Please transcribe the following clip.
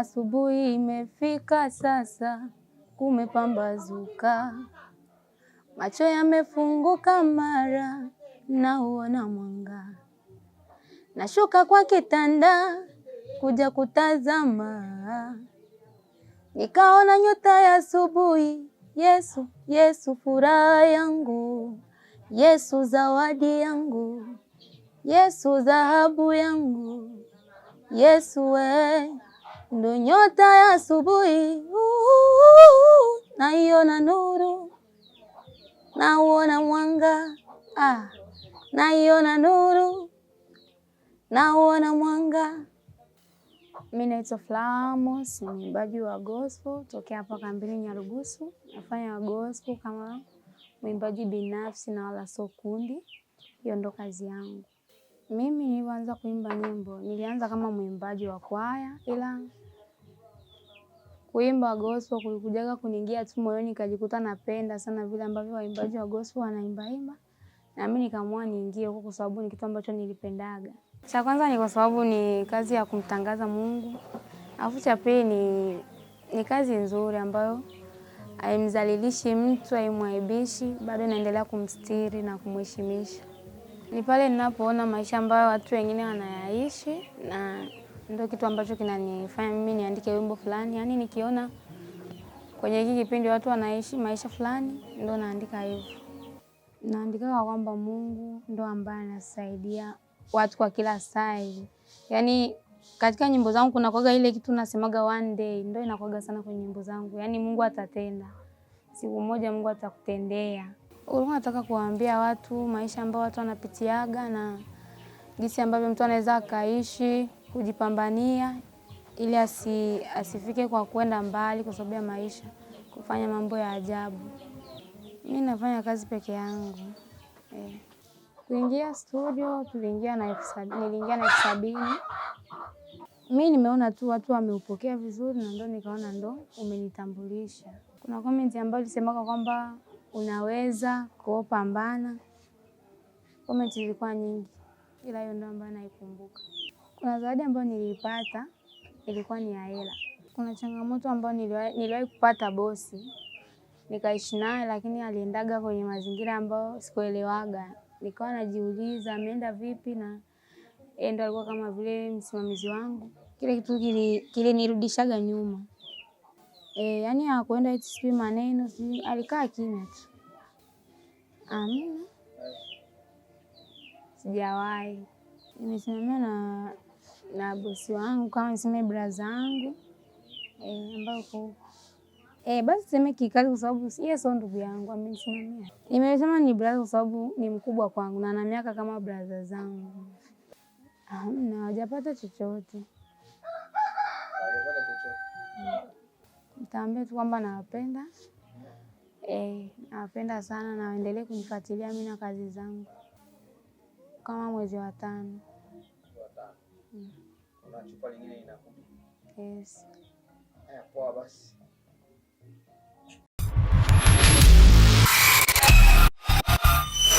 Asubuhi imefika sasa, kumepambazuka, macho yamefunguka mara, nauona mwanga. Nashuka kwa kitanda kuja kutazama, nikaona nyota ya asubuhi. Yesu, Yesu furaha yangu, Yesu zawadi yangu, Yesu dhahabu yangu, Yesu we ndo nyota ya asubuhi, naiona nuru, nauona mwanga ah, naiona nuru, nauona mwanga. Mi naitwa Flaa ni mwimbaji wa gospel tokea hapa kambini Nyarugusu. Nafanya gospel kama mwimbaji binafsi na wala sio kundi, hiyo ndo kazi yangu. Mimi nilianza kuimba nyimbo, nilianza kama mwimbaji wa kwaya ila kuimba gospel kulikujaga kuningia tu moyoni, kajikuta napenda sana vile ambavyo waimbaji wa gospel wanaimbaimba, na mimi nikaamua niingie huko kwa sababu ni kitu ambacho nilipendaga. Cha kwanza ni kwa sababu ni kazi ya kumtangaza Mungu, alafu cha pili ni, ni kazi nzuri ambayo aimzalilishi mtu, haimwaibishi, bado inaendelea kumstiri na kumheshimisha. Ni pale ninapoona maisha ambayo watu wengine wanayaishi na ndio kitu ambacho kinanifanya mimi niandike wimbo fulani, yaani nikiona kwenye hiki kipindi watu wanaishi maisha fulani, ndio naandika hivyo. Naandika kwamba Mungu ndo ambaye anasaidia watu kwa kila saa, yaani katika nyimbo zangu kuna kwaga ile kitu nasemaga one day, ndio inakwaga sana kwenye nyimbo zangu, yaani Mungu atatenda siku moja, Mungu atakutendea. Ulikuwa nataka kuwaambia watu maisha ambayo watu wanapitiaga na jinsi ambavyo mtu anaweza akaishi kujipambania ili asi, asifike kwa kwenda mbali kwa sababu ya maisha, kufanya mambo ya ajabu. Mi nafanya kazi peke yangu eh. Kuingia studio tuliingia na niliingia na elfu sabini. Mi nimeona tu watu wameupokea vizuri, na ndo nikaona ndo umenitambulisha. Kuna komenti ambayo ilisemaka kwamba unaweza ko pambana. Komenti zilikuwa nyingi, ila hiyo ndo ambayo naikumbuka. Kuna zawadi ambayo niliipata ilikuwa ni ya hela. Kuna changamoto ambayo niliwahi kupata bosi, nikaishi naye, lakini aliendaga kwenye mazingira ambayo sikuelewaga, nikawa najiuliza ameenda vipi, na ndo alikuwa kama vile msimamizi wangu. Kile kitu kilinirudishaga nyuma e, yani hakuenda eti sijui maneno sijui, alikaa kimya tu. Amina, sijawahi nimesimamia na na bosi wangu kama niseme braza wangu e, eh, ambao e, basi seme kikazi, kwa sababu yeye sio ndugu yangu, amenisimamia. Nimesema ni braza kwa sababu ni mkubwa kwangu na ana miaka kama braza zangu. Hamna, hajapata chochote. Nitaambia tu kwamba nawapenda, e, nawapenda sana na waendelee kunifuatilia mimi na kazi zangu kama mwezi wa tano Mm. kuna chupa lingine inakubidi. Yes. Haya, poa basi.